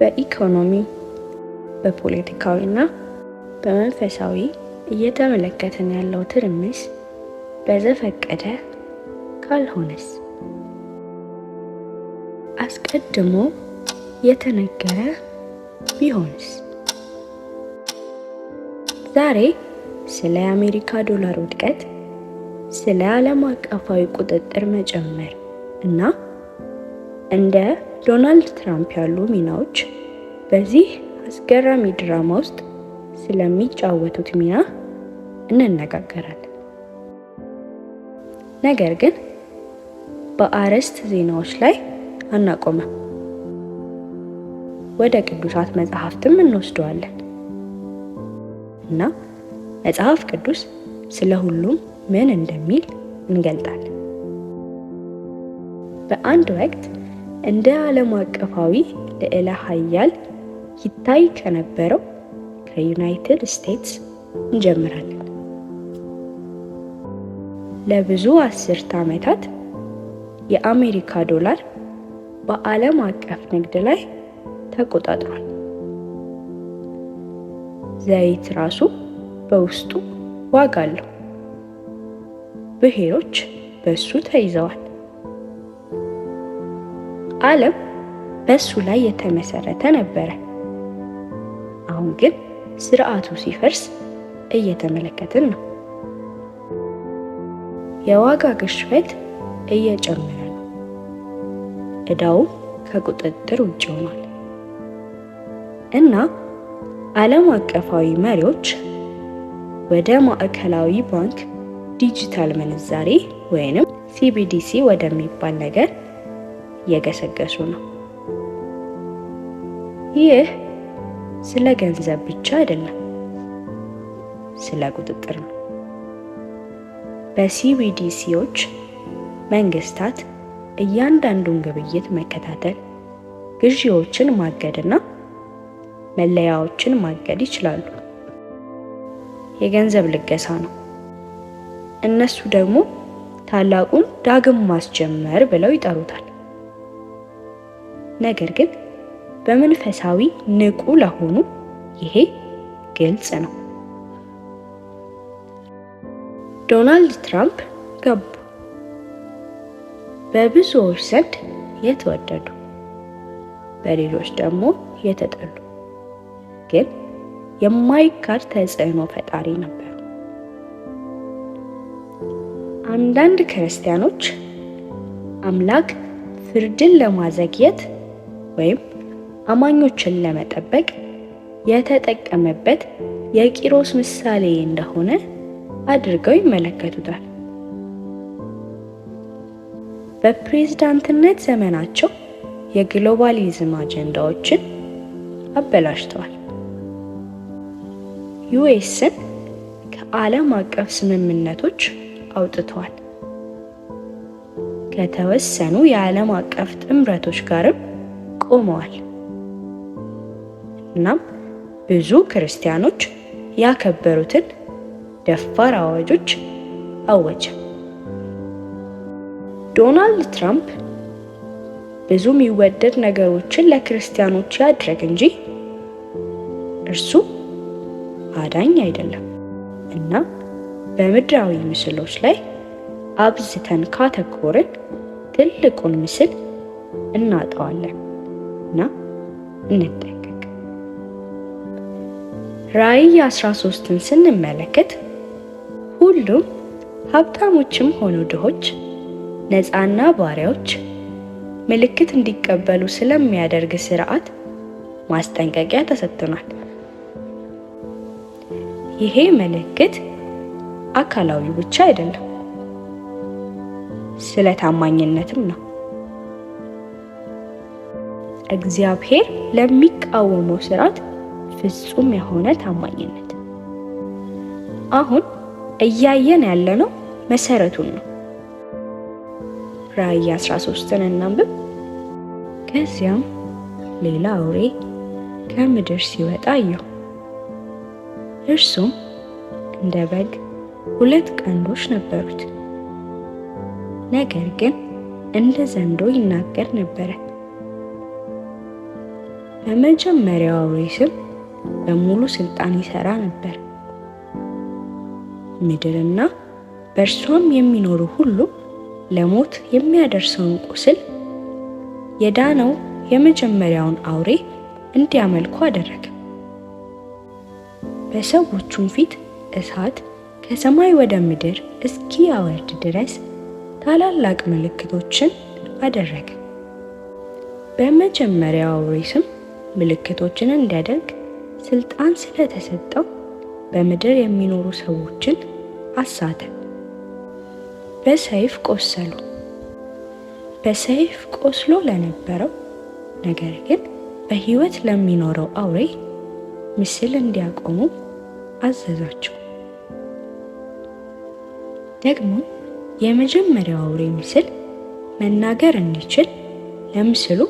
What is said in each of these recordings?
በኢኮኖሚ በፖለቲካዊና በመንፈሳዊ እየተመለከተን ያለው ትርምስ በዘፈቀደ ካልሆነስ አስቀድሞ የተነገረ ቢሆንስ? ዛሬ ስለ የአሜሪካ ዶላር ውድቀት፣ ስለ ዓለም አቀፋዊ ቁጥጥር መጨመር እና እንደ ዶናልድ ትራምፕ ያሉ ሚናዎች በዚህ አስገራሚ ድራማ ውስጥ ስለሚጫወቱት ሚና እንነጋገራለን። ነገር ግን በአርዕስት ዜናዎች ላይ አናቆመም። ወደ ቅዱሳት መጽሐፍትም እንወስደዋለን እና መጽሐፍ ቅዱስ ስለ ሁሉም ምን እንደሚል እንገልጣለን። በአንድ ወቅት እንደ ዓለም አቀፋዊ ልዕለ ኃያል ይታይ ከነበረው ከዩናይትድ ስቴትስ እንጀምራለን። ለብዙ አስርት ዓመታት የአሜሪካ ዶላር በዓለም አቀፍ ንግድ ላይ ተቆጣጥሯል። ዘይት ራሱ በውስጡ ዋጋ አለው። ብሔሮች በእሱ ተይዘዋል። ዓለም በእሱ ላይ የተመሰረተ ነበረ። አሁን ግን ስርዓቱ ሲፈርስ እየተመለከትን ነው። የዋጋ ግሽበት እየጨመረ ነው። እዳውም ከቁጥጥር ውጭ ሆኗል እና ዓለም አቀፋዊ መሪዎች ወደ ማዕከላዊ ባንክ ዲጂታል ምንዛሬ ወይንም ሲቢዲሲ ወደሚባል ነገር እየገሰገሱ ነው። ይህ ስለ ገንዘብ ብቻ አይደለም፣ ስለ ቁጥጥር ነው። በሲቢዲሲዎች መንግስታት እያንዳንዱን ግብይት መከታተል፣ ግዢዎችን ማገድና መለያዎችን ማገድ ይችላሉ። የገንዘብ ልገሳ ነው። እነሱ ደግሞ ታላቁን ዳግም ማስጀመር ብለው ይጠሩታል። ነገር ግን በመንፈሳዊ ንቁ ለሆኑ ይሄ ግልጽ ነው። ዶናልድ ትራምፕ ገቡ። በብዙዎች ዘንድ የተወደዱ በሌሎች ደግሞ የተጠሉ ግን የማይካድ ተጽዕኖ ፈጣሪ ነበሩ። አንዳንድ ክርስቲያኖች አምላክ ፍርድን ለማዘግየት ወይም አማኞችን ለመጠበቅ የተጠቀመበት የቂሮስ ምሳሌ እንደሆነ አድርገው ይመለከቱታል። በፕሬዝዳንትነት ዘመናቸው የግሎባሊዝም አጀንዳዎችን አበላሽተዋል። ዩኤስን ከዓለም አቀፍ ስምምነቶች አውጥተዋል። ከተወሰኑ የዓለም አቀፍ ጥምረቶች ጋርም ቆመዋል። እናም ብዙ ክርስቲያኖች ያከበሩትን ደፋር አዋጆች አወጀ። ዶናልድ ትራምፕ ብዙ የሚወደድ ነገሮችን ለክርስቲያኖች ያድረግ እንጂ እርሱ አዳኝ አይደለም እና በምድራዊ ምስሎች ላይ አብዝተን ካተኮርን ትልቁን ምስል እናጠዋለን። እና እንጠንቀቅ። ራእይ 13ን ስንመለከት ሁሉም ሀብታሞችም ሆኑ ድሆች፣ ነፃና ባሪያዎች ምልክት እንዲቀበሉ ስለሚያደርግ ስርዓት ማስጠንቀቂያ ተሰጥቷል። ይሄ ምልክት አካላዊ ብቻ አይደለም፣ ስለ ታማኝነትም ነው። እግዚአብሔር ለሚቃወመው ስርዓት ፍጹም የሆነ ታማኝነት። አሁን እያየን ያለነው መሰረቱን ነው። ራእይ 13ን እናንብብ። ከዚያም ሌላ አውሬ ከምድር ሲወጣ አየሁ። እርሱም እንደ በግ ሁለት ቀንዶች ነበሩት፣ ነገር ግን እንደ ዘንዶ ይናገር ነበረ። በመጀመሪያው አውሬ ስም በሙሉ ስልጣን ይሰራ ነበር። ምድርና በእርሷም የሚኖሩ ሁሉ ለሞት የሚያደርሰውን ቁስል የዳነው የመጀመሪያውን አውሬ እንዲያመልኩ አደረገ። በሰዎቹም ፊት እሳት ከሰማይ ወደ ምድር እስኪያወርድ ድረስ ታላላቅ ምልክቶችን አደረገ። በመጀመሪያው አውሬ ስም ምልክቶችን እንዲያደርግ ስልጣን ስለተሰጠው በምድር የሚኖሩ ሰዎችን አሳተ። በሰይፍ ቆሰሉ። በሰይፍ ቆስሎ ለነበረው ነገር ግን በሕይወት ለሚኖረው አውሬ ምስል እንዲያቆሙ አዘዛቸው። ደግሞ የመጀመሪያው አውሬ ምስል መናገር እንዲችል ለምስሉ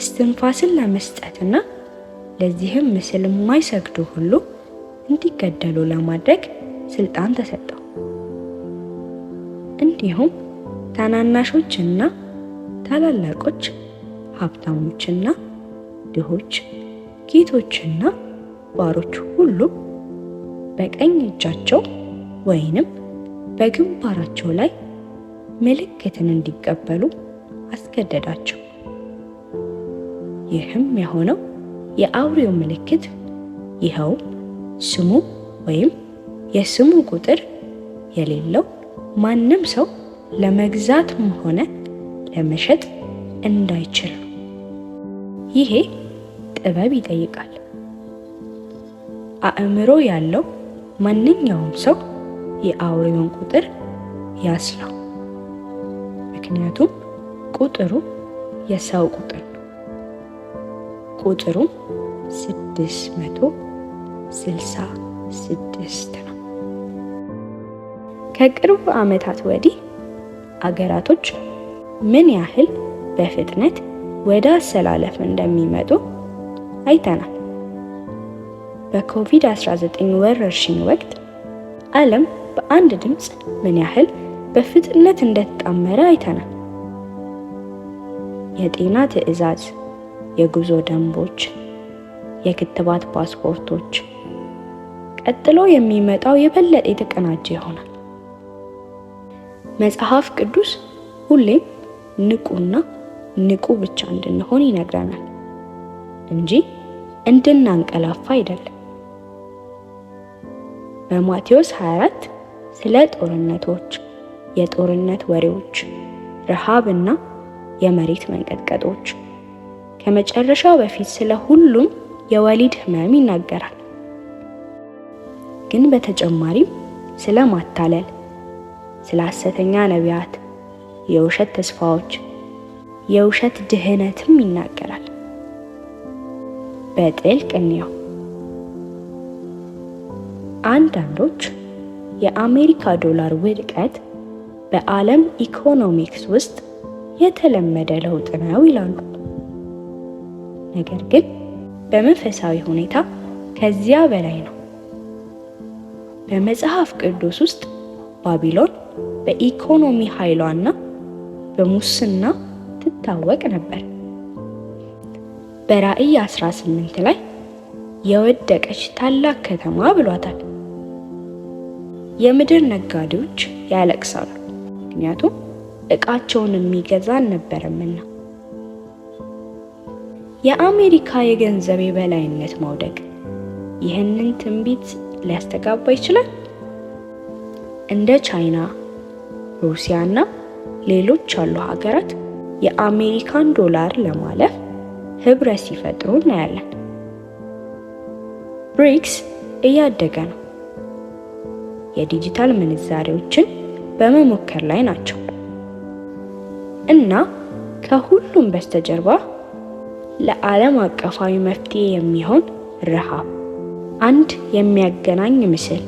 እስትንፋስን ለመስጠትና ለዚህም ምስል የማይሰግዱ ሁሉ እንዲገደሉ ለማድረግ ስልጣን ተሰጠው። እንዲሁም ታናናሾችና ታላላቆች፣ ሀብታሞችና ድሆች፣ ጌቶችና ባሮች ሁሉ በቀኝ እጃቸው ወይንም በግንባራቸው ላይ ምልክትን እንዲቀበሉ አስገደዳቸው። ይህም የሆነው የአውሬው ምልክት ይኸው ስሙ ወይም የስሙ ቁጥር የሌለው ማንም ሰው ለመግዛትም ሆነ ለመሸጥ እንዳይችል ይሄ ጥበብ ይጠይቃል። አእምሮ ያለው ማንኛውም ሰው የአውሬውን ቁጥር ያስላው፣ ምክንያቱም ቁጥሩ የሰው ቁጥር ቁጥሩ 666 ነው። ከቅርብ ዓመታት ወዲህ አገራቶች ምን ያህል በፍጥነት ወደ አሰላለፍ እንደሚመጡ አይተናል። በኮቪድ-19 ወረርሽኝ ወቅት ዓለም በአንድ ድምፅ ምን ያህል በፍጥነት እንደተጣመረ አይተናል። የጤና ትዕዛዝ የጉዞ ደንቦች፣ የክትባት ፓስፖርቶች። ቀጥሎ የሚመጣው የበለጠ የተቀናጀ ይሆናል። መጽሐፍ ቅዱስ ሁሌም ንቁና ንቁ ብቻ እንድንሆን ይነግረናል እንጂ እንድናንቀላፋ አይደለም። በማቴዎስ 24 ስለ ጦርነቶች፣ የጦርነት ወሬዎች፣ ረሃብና የመሬት መንቀጥቀጦች ከመጨረሻው በፊት ስለ ሁሉም የወሊድ ህመም ይናገራል። ግን በተጨማሪም ስለ ማታለል፣ ስለ ሐሰተኛ ነቢያት፣ የውሸት ተስፋዎች፣ የውሸት ድህነትም ይናገራል። በጥልቅ እንየው። አንዳንዶች የአሜሪካ ዶላር ውድቀት በዓለም ኢኮኖሚክስ ውስጥ የተለመደ ለውጥ ነው ይላሉ። ነገር ግን በመንፈሳዊ ሁኔታ ከዚያ በላይ ነው። በመጽሐፍ ቅዱስ ውስጥ ባቢሎን በኢኮኖሚ ኃይሏና በሙስና ትታወቅ ነበር። በራእይ 18 ላይ የወደቀች ታላቅ ከተማ ብሏታል። የምድር ነጋዴዎች ያለቅሳሉ፣ ምክንያቱም ዕቃቸውን የሚገዛ አልነበረምና። የአሜሪካ የገንዘብ የበላይነት መውደቅ ይህንን ትንቢት ሊያስተጋባ ይችላል። እንደ ቻይና፣ እና ሌሎች ያሉ ሀገራት የአሜሪካን ዶላር ለማለፍ ህብረት ሲፈጥሩ እናያለን። ብሪክስ እያደገ ነው። የዲጂታል ምንዛሬዎችን በመሞከር ላይ ናቸው እና ከሁሉም በስተጀርባ ለዓለም አቀፋዊ መፍትሄ የሚሆን ረሃብ አንድ የሚያገናኝ ምስል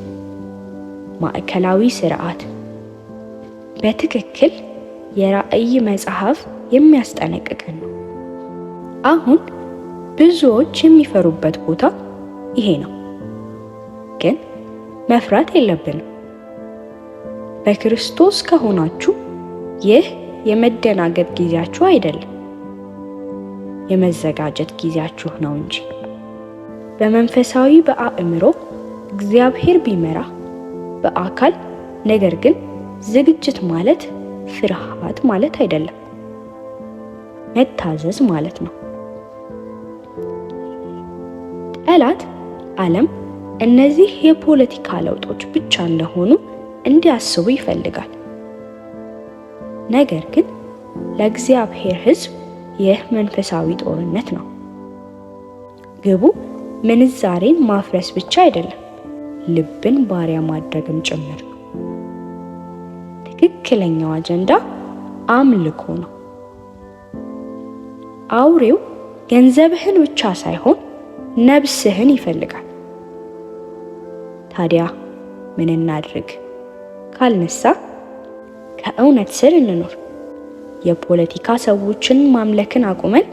ማዕከላዊ ስርዓት በትክክል የራዕይ መጽሐፍ የሚያስጠነቅቀን ነው። አሁን ብዙዎች የሚፈሩበት ቦታ ይሄ ነው። ግን መፍራት የለብንም። በክርስቶስ ከሆናችሁ ይህ የመደናገጥ ጊዜያችሁ አይደለም። የመዘጋጀት ጊዜያችሁ ነው እንጂ። በመንፈሳዊ በአእምሮ እግዚአብሔር ቢመራ በአካል ነገር ግን ዝግጅት ማለት ፍርሃት ማለት አይደለም፣ መታዘዝ ማለት ነው። ጠላት አለም እነዚህ የፖለቲካ ለውጦች ብቻ እንደሆኑ እንዲያስቡ ይፈልጋል። ነገር ግን ለእግዚአብሔር ህዝብ ይህ መንፈሳዊ ጦርነት ነው። ግቡ ምንዛሬን ማፍረስ ብቻ አይደለም፣ ልብን ባሪያ ማድረግም ጭምር ትክክለኛው አጀንዳ አምልኮ ነው። አውሬው ገንዘብህን ብቻ ሳይሆን ነብስህን ይፈልጋል። ታዲያ ምን እናድርግ ካልነሳ ከእውነት ስር እንኖር። የፖለቲካ ሰዎችን ማምለክን አቁመን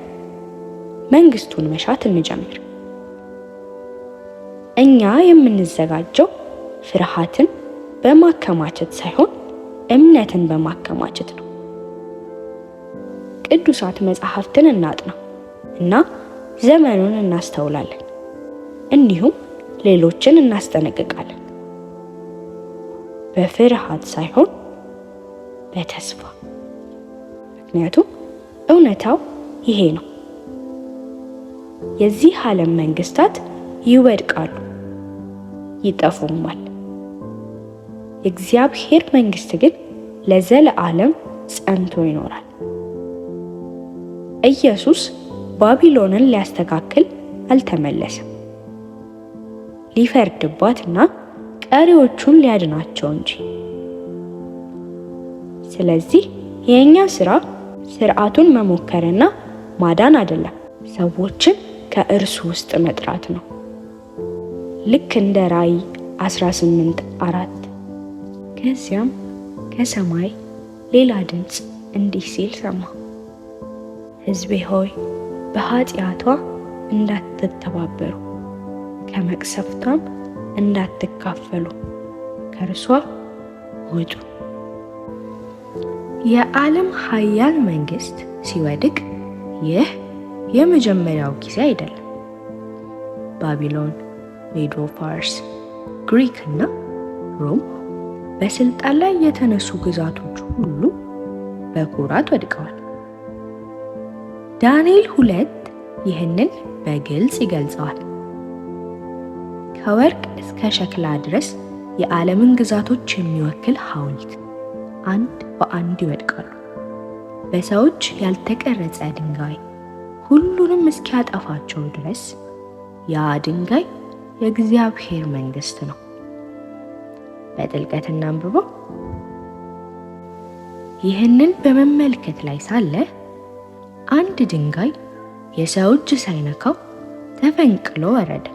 መንግስቱን መሻት እንጀምር። እኛ የምንዘጋጀው ፍርሃትን በማከማቸት ሳይሆን እምነትን በማከማቸት ነው። ቅዱሳት መጻሕፍትን እናጥና እና ዘመኑን እናስተውላለን። እንዲሁም ሌሎችን እናስጠነቅቃለን። በፍርሃት ሳይሆን በተስፋ ምክንያቱም እውነታው ይሄ ነው። የዚህ ዓለም መንግስታት ይወድቃሉ፣ ይጠፉማል። የእግዚአብሔር መንግስት ግን ለዘለዓለም ጸንቶ ይኖራል። ኢየሱስ ባቢሎንን ሊያስተካክል አልተመለሰም፣ ሊፈርድባትና ቀሪዎቹን ሊያድናቸው እንጂ። ስለዚህ የእኛ ስራ ስርዓቱን መሞከርና ማዳን አይደለም፣ ሰዎችን ከእርሱ ውስጥ መጥራት ነው። ልክ እንደ ራእይ 18 አራት ከዚያም ከሰማይ ሌላ ድምፅ እንዲህ ሲል ሰማ፣ ሕዝቤ ሆይ በኃጢአቷ እንዳትተባበሩ ከመቅሰፍቷም እንዳትካፈሉ ከእርሷ ውጡ። የዓለም ሀያል መንግስት ሲወድቅ ይህ የመጀመሪያው ጊዜ አይደለም። ባቢሎን፣ ሜዶ ፋርስ፣ ግሪክ እና ሮም በስልጣን ላይ የተነሱ ግዛቶች ሁሉ በኩራት ወድቀዋል። ዳንኤል ሁለት ይህንን በግልጽ ይገልጸዋል። ከወርቅ እስከ ሸክላ ድረስ የዓለምን ግዛቶች የሚወክል ሐውልት አንድ በአንድ ይወድቃሉ። በሰዎች ያልተቀረጸ ድንጋይ ሁሉንም እስኪያጠፋቸው ድረስ ያ ድንጋይ የእግዚአብሔር መንግስት ነው። በጥልቀት እናንብበው። ይህንን በመመልከት ላይ ሳለ አንድ ድንጋይ የሰው እጅ ሳይነካው ተፈንቅሎ ወረደ።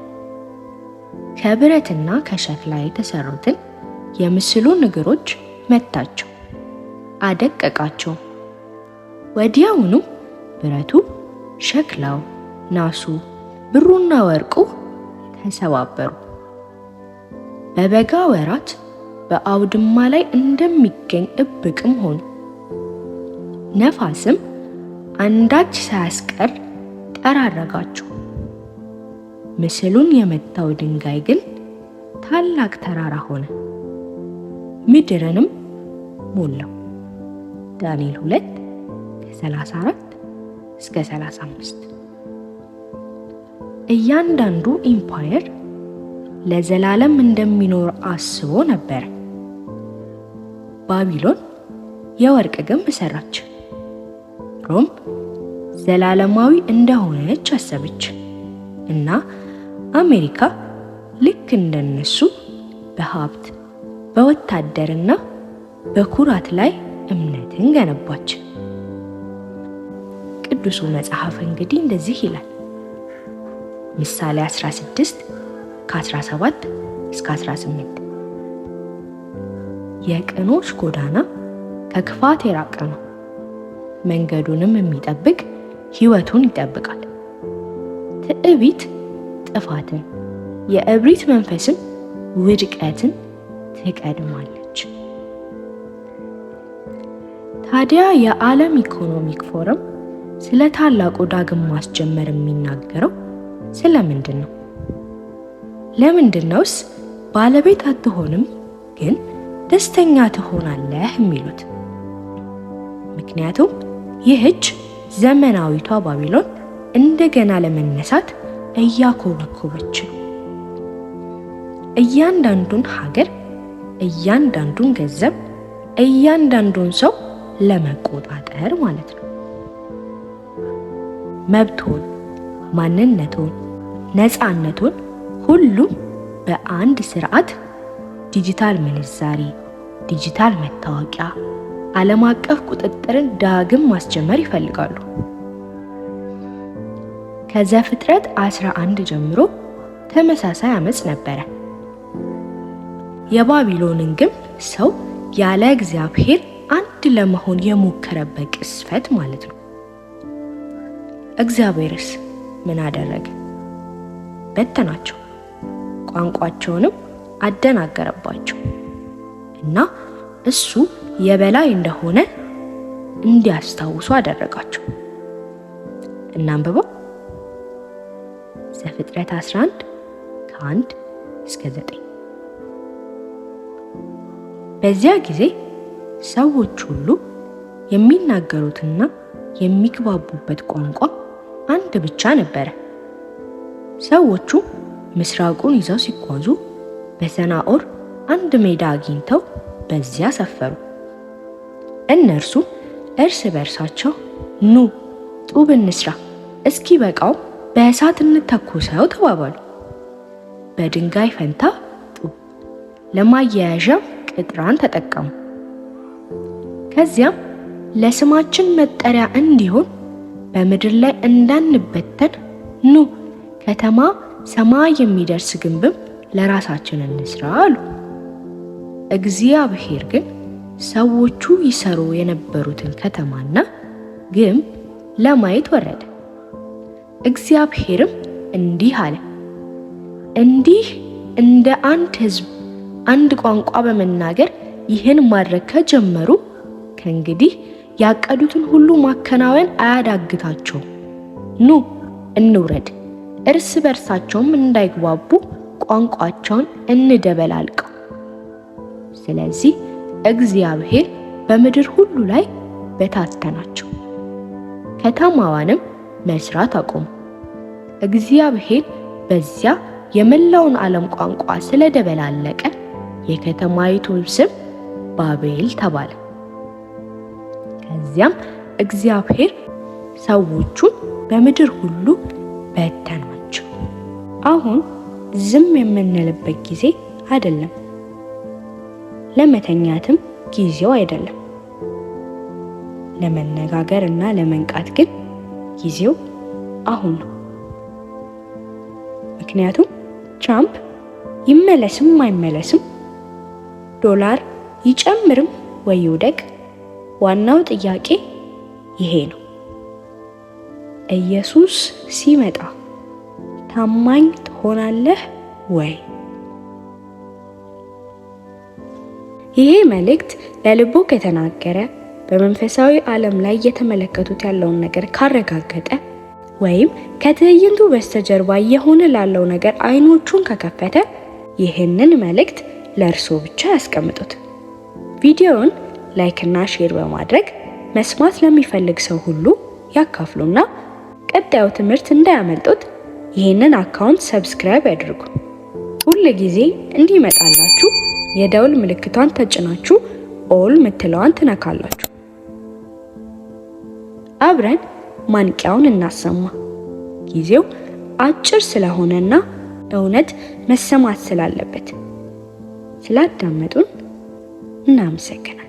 ከብረትና ከሸክላ የተሰሩትን የምስሉን እግሮች መታቸው። አደቀቃቸው። ወዲያውኑ ብረቱ፣ ሸክላው፣ ናሱ፣ ብሩና ወርቁ ተሰባበሩ። በበጋ ወራት በአውድማ ላይ እንደሚገኝ እብቅም ሆኑ። ነፋስም አንዳች ሳያስቀር ጠራረጋቸው። ምስሉን የመታው ድንጋይ ግን ታላቅ ተራራ ሆነ፣ ምድርንም ሞላው። ዳንኤል 2 ከ34 እስከ 35። እያንዳንዱ ኢምፓየር ለዘላለም እንደሚኖር አስቦ ነበር። ባቢሎን የወርቅ ግንብ ሰራች። ሮም ዘላለማዊ እንደሆነች አሰበች እና አሜሪካ ልክ እንደነሱ በሀብት በወታደርና በኩራት ላይ እምነትን ገነባች። ቅዱሱ መጽሐፍ እንግዲህ እንደዚህ ይላል። ምሳሌ 16 ከ17 እስከ 18 የቅኖች ጎዳና ከክፋት የራቀ ነው፣ መንገዱንም የሚጠብቅ ሕይወቱን ይጠብቃል። ትዕቢት ጥፋትን፣ የእብሪት መንፈስም ውድቀትን ትቀድማል። ታዲያ የዓለም ኢኮኖሚክ ፎረም ስለ ታላቁ ዳግም ማስጀመር የሚናገረው ስለ ምንድን ነው? ለምንድን ነውስ ባለቤት አትሆንም ግን ደስተኛ ትሆናለህ የሚሉት? ምክንያቱም ይህች ዘመናዊቷ ባቢሎን እንደገና ለመነሳት እያኮበኮበች ነው። እያንዳንዱን ሀገር፣ እያንዳንዱን ገንዘብ፣ እያንዳንዱን ሰው ለመቆጣጠር ማለት ነው። መብቶን፣ ማንነቶን፣ ነፃነቶን ሁሉም በአንድ ስርዓት ዲጂታል ምንዛሪ ዲጂታል መታወቂያ፣ ዓለም አቀፍ ቁጥጥርን ዳግም ማስጀመር ይፈልጋሉ። ከዘፍጥረት 11 ጀምሮ ተመሳሳይ አመፅ ነበረ። የባቢሎንን ግንብ ሰው ያለ እግዚአብሔር አንድ ለመሆን የሞከረበት ቅስፈት ማለት ነው። እግዚአብሔርስ ምን አደረገ? በተናቸው፣ ቋንቋቸውንም አደናገረባቸው እና እሱ የበላይ እንደሆነ እንዲያስታውሱ አደረጋቸው። እናንብበው ዘፍጥረት 11 ከ1 እስከ 9። በዚያ ጊዜ ሰዎች ሁሉ የሚናገሩትና የሚግባቡበት ቋንቋ አንድ ብቻ ነበረ። ሰዎቹ ምስራቁን ይዘው ሲጓዙ በሰናኦር አንድ ሜዳ አግኝተው በዚያ ሰፈሩ። እነርሱ እርስ በርሳቸው ኑ ጡብ እንስራ፣ እስኪ በቃው በእሳት እንተኩሰው ተባባሉ። በድንጋይ ፈንታ ጡብ፣ ለማያያዣም ቅጥራን ተጠቀሙ። ከዚያም ለስማችን መጠሪያ እንዲሆን በምድር ላይ እንዳንበተን ኑ ከተማ ሰማይ የሚደርስ ግንብም ለራሳችን እንስራ አሉ። እግዚአብሔር ግን ሰዎቹ ይሰሩ የነበሩትን ከተማና ግንብ ለማየት ወረደ። እግዚአብሔርም እንዲህ አለ፣ እንዲህ እንደ አንድ ሕዝብ አንድ ቋንቋ በመናገር ይህን ማድረግ ከጀመሩ ከእንግዲህ ያቀዱትን ሁሉ ማከናወን አያዳግታቸው። ኑ እንውረድ፣ እርስ በርሳቸውም እንዳይግባቡ ቋንቋቸውን እንደበላልቀው። ስለዚህ እግዚአብሔር በምድር ሁሉ ላይ በታተናቸው፣ ከተማዋንም መስራት አቆሙ። እግዚአብሔር በዚያ የመላውን ዓለም ቋንቋ ስለደበላለቀ የከተማይቱን ስም ባቤል ተባለ። ከዚያም እግዚአብሔር ሰዎቹን በምድር ሁሉ በተናቸው። አሁን ዝም የምንልበት ጊዜ አይደለም፣ ለመተኛትም ጊዜው አይደለም። ለመነጋገር እና ለመንቃት ግን ጊዜው አሁን ነው። ምክንያቱም ትራምፕ ይመለስም አይመለስም፣ ዶላር ይጨምርም ወይ ይውደቅ ዋናው ጥያቄ ይሄ ነው። ኢየሱስ ሲመጣ ታማኝ ትሆናለህ ወይ? ይሄ መልእክት ለልቦ ከተናገረ በመንፈሳዊ ዓለም ላይ እየተመለከቱት ያለውን ነገር ካረጋገጠ ወይም ከትዕይንቱ በስተጀርባ የሆነ ላለው ነገር አይኖቹን ከከፈተ ይህንን መልእክት ለእርሶ ብቻ ያስቀምጡት። ቪዲዮውን ላይክ እና ሼር በማድረግ መስማት ለሚፈልግ ሰው ሁሉ ያካፍሉና ቀጣዩ ትምህርት እንዳያመልጡት ይህንን አካውንት ሰብስክራይብ ያድርጉ። ሁል ጊዜ እንዲመጣላችሁ የደውል ምልክቷን ተጭናችሁ ኦል ምትለዋን ትነካላችሁ። አብረን ማንቂያውን እናሰማ። ጊዜው አጭር ስለሆነና እውነት መሰማት ስላለበት ስላዳመጡን እናመሰግናል።